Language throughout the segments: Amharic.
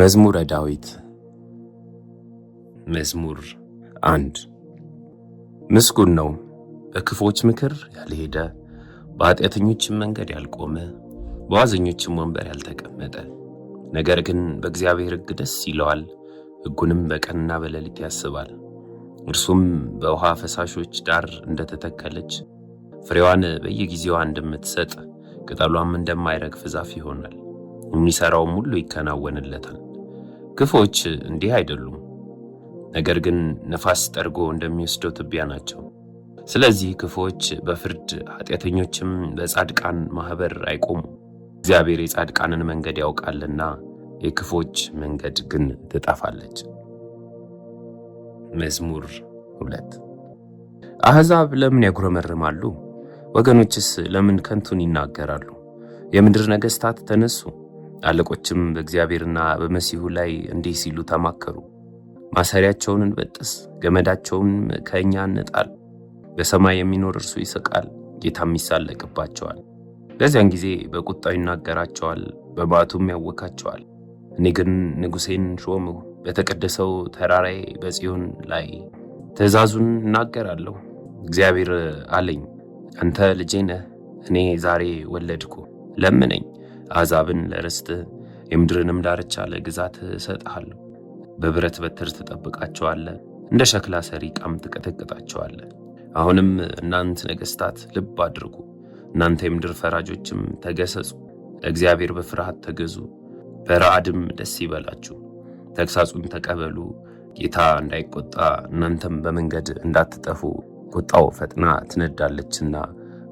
መዝሙረ ዳዊት መዝሙር አንድ ምስጉን ነው በክፎች ምክር ያልሄደ በኃጢአተኞችም መንገድ ያልቆመ በዋዘኞችም ወንበር ያልተቀመጠ ነገር ግን በእግዚአብሔር ሕግ ደስ ይለዋል ሕጉንም በቀንና በሌሊት ያስባል እርሱም በውሃ ፈሳሾች ዳር እንደተተከለች ፍሬዋን በየጊዜዋ እንደምትሰጥ ቅጠሏም እንደማይረግፍ ዛፍ ይሆናል የሚሠራውም ሁሉ ይከናወንለታል ክፎች እንዲህ አይደሉም፣ ነገር ግን ነፋስ ጠርጎ እንደሚወስደው ትቢያ ናቸው። ስለዚህ ክፎች በፍርድ ኃጢአተኞችም በጻድቃን ማኅበር አይቆሙም። እግዚአብሔር የጻድቃንን መንገድ ያውቃልና የክፎች መንገድ ግን ትጠፋለች። መዝሙር ሁለት አሕዛብ ለምን ያጉረመርማሉ? ወገኖችስ ለምን ከንቱን ይናገራሉ? የምድር ነገሥታት ተነሱ፣ አለቆችም በእግዚአብሔርና በመሲሁ ላይ እንዲህ ሲሉ ተማከሩ። ማሰሪያቸውን እንበጥስ፣ ገመዳቸውን ከእኛ እንጣል። በሰማይ የሚኖር እርሱ ይስቃል፣ ጌታም ይሳለቅባቸዋል። በዚያን ጊዜ በቁጣው ይናገራቸዋል፣ በባቱም ያወካቸዋል። እኔ ግን ንጉሴን ሾምሁ፣ በተቀደሰው ተራራዬ በጽዮን ላይ ትእዛዙን እናገራለሁ። እግዚአብሔር አለኝ፣ አንተ ልጄ ነህ፣ እኔ ዛሬ ወለድኩ፣ ለምነኝ አሕዛብን ለርስት የምድርንም ዳርቻ ለግዛት እሰጥሃለሁ። በብረት በትር ትጠብቃቸዋለ እንደ ሸክላ ሰሪ ዕቃም ትቀጠቅጣቸዋለ። አሁንም እናንት ነገሥታት ልብ አድርጉ፣ እናንተ የምድር ፈራጆችም ተገሰጹ። ለእግዚአብሔር በፍርሃት ተገዙ፣ በረዓድም ደስ ይበላችሁ። ተግሳጹን ተቀበሉ፣ ጌታ እንዳይቆጣ እናንተም በመንገድ እንዳትጠፉ። ቁጣው ፈጥና ትነዳለችና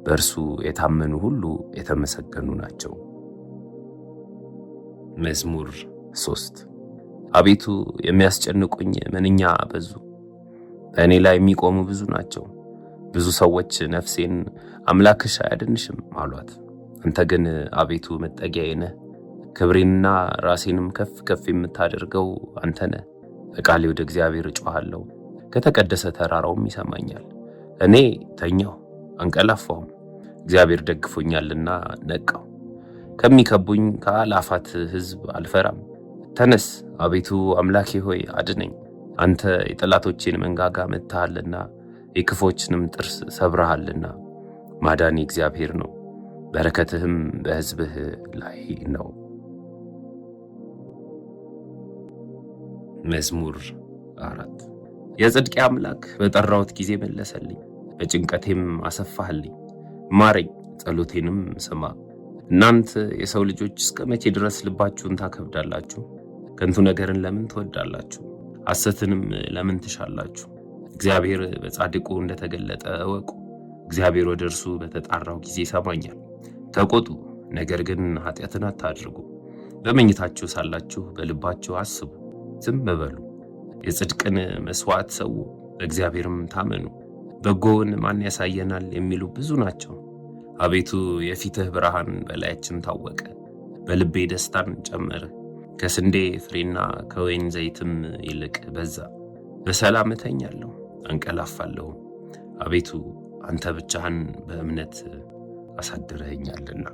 በእርሱ የታመኑ ሁሉ የተመሰገኑ ናቸው። መዝሙር ሶስት አቤቱ የሚያስጨንቁኝ ምንኛ በዙ፣ በእኔ ላይ የሚቆሙ ብዙ ናቸው። ብዙ ሰዎች ነፍሴን አምላክሽ አያድንሽም አሏት። አንተ ግን አቤቱ መጠጊያዬ ነህ፣ ክብሬንና ራሴንም ከፍ ከፍ የምታደርገው አንተ ነህ። በቃሌ ወደ እግዚአብሔር እጮኋለሁ፣ ከተቀደሰ ተራራውም ይሰማኛል። እኔ ተኛሁ አንቀላፋሁም፣ እግዚአብሔር ደግፎኛልና ነቃው ከሚከቡኝ ከአላፋት ሕዝብ አልፈራም። ተነስ አቤቱ አምላኬ ሆይ አድነኝ። አንተ የጠላቶቼን መንጋጋ መትሃልና የክፎችንም ጥርስ ሰብረሃልና። ማዳን እግዚአብሔር ነው፣ በረከትህም በሕዝብህ ላይ ነው። መዝሙር አራት የጽድቄ አምላክ በጠራሁት ጊዜ መለሰልኝ፣ በጭንቀቴም አሰፋህልኝ። ማረኝ፣ ጸሎቴንም ስማ እናንተ የሰው ልጆች እስከ መቼ ድረስ ልባችሁን ታከብዳላችሁ? ከንቱ ነገርን ለምን ትወዳላችሁ? ሐሰትንም ለምን ትሻላችሁ? እግዚአብሔር በጻድቁ እንደተገለጠ እወቁ። እግዚአብሔር ወደ እርሱ በተጣራው ጊዜ ይሰማኛል። ተቆጡ፣ ነገር ግን ኃጢአትን አታድርጉ። በመኝታችሁ ሳላችሁ በልባችሁ አስቡ፣ ዝም በሉ። የጽድቅን መሥዋዕት ሰው በእግዚአብሔርም ታመኑ። በጎውን ማን ያሳየናል የሚሉ ብዙ ናቸው። አቤቱ የፊትህ ብርሃን በላያችን ታወቀ፣ በልቤ ደስታን ጨመረ። ከስንዴ ፍሬና ከወይን ዘይትም ይልቅ በዛ። በሰላም እተኛለሁ አንቀላፋለሁ፣ አቤቱ አንተ ብቻህን በእምነት አሳድረኸኛልና።